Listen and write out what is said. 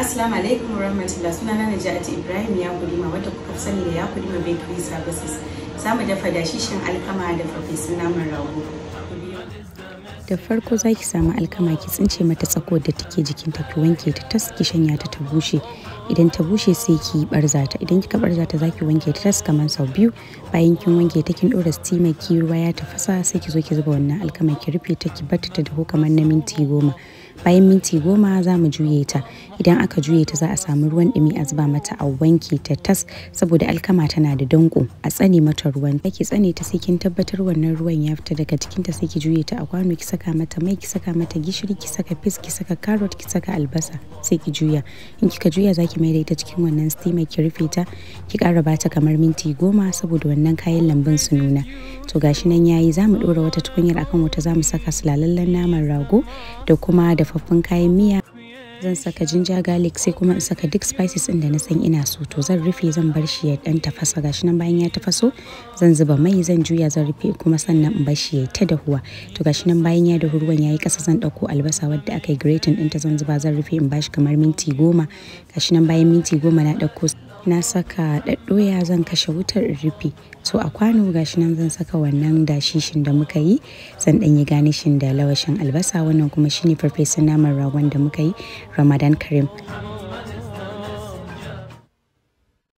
Assalamu alaikum warahmatullahi sunana Najati Ibrahim ya kudima wata kuka sani da ya kudima bakery services. samu dafa da dashishin alkama da farfesun naman rago. Da farko za ki samu alkama ki tsince mata tsako da take jikin ta ki wanke ta tas ki shanya ta ta bushe. Idan ta bushe sai ki barza ta idan kika barza ta zaki wanke ta tas kamar sau biyu bayan kin wanke ta kin dora steamer ki ruwa ya tafasa sai ki zo ki zuba wannan alkama ki rufe ta ki batta ta dahu kamar na minti goma. bayan minti goma za mu juye ta idan aka juye ta za a samu ruwan ɗumi a zuba mata a wanke ta tas saboda alkama tana da danko a tsane mata ruwan ta take tsane ta sai kin tabbatar wannan ruwan ya fita daga cikin ta sai ki juye ta a kwano ki saka mata mai ki saka mata gishiri ki saka fis ki saka carrot ki saka albasa sai ki juya in kika juya zaki mai da ita cikin wannan steamer ki rufe ta ki kara bata kamar minti goma saboda wannan kayan lambun su nuna to gashi nan yayi zamu ɗora wata tukunyar akan wata zamu saka su lalallen naman rago da kuma dafaffun kayan miya zan saka jinja garlic sai kuma in saka duk spices in da na san ina so to zan rufe zan bar shi ya dan tafasa gashi nan bayan ya tafaso zan zuba mai zan juya zan rufe kuma sannan in bar shi ya ta dahuwa to gashi nan bayan ya dahu ruwan yayi kasa zan dauko albasa wadda aka yi grating ta zan zuba zan rufe in bashi kamar minti goma gashi nan bayan minti goma na dauko na saka ɗaɗɗoya zan kashe wutar in rufe to a kwano gashi nan zan saka wannan dashishin da muka yi zan ɗan yi ganishin da lawashin albasa wannan kuma shine farfesun naman ragon da muka yi Ramadan Karim.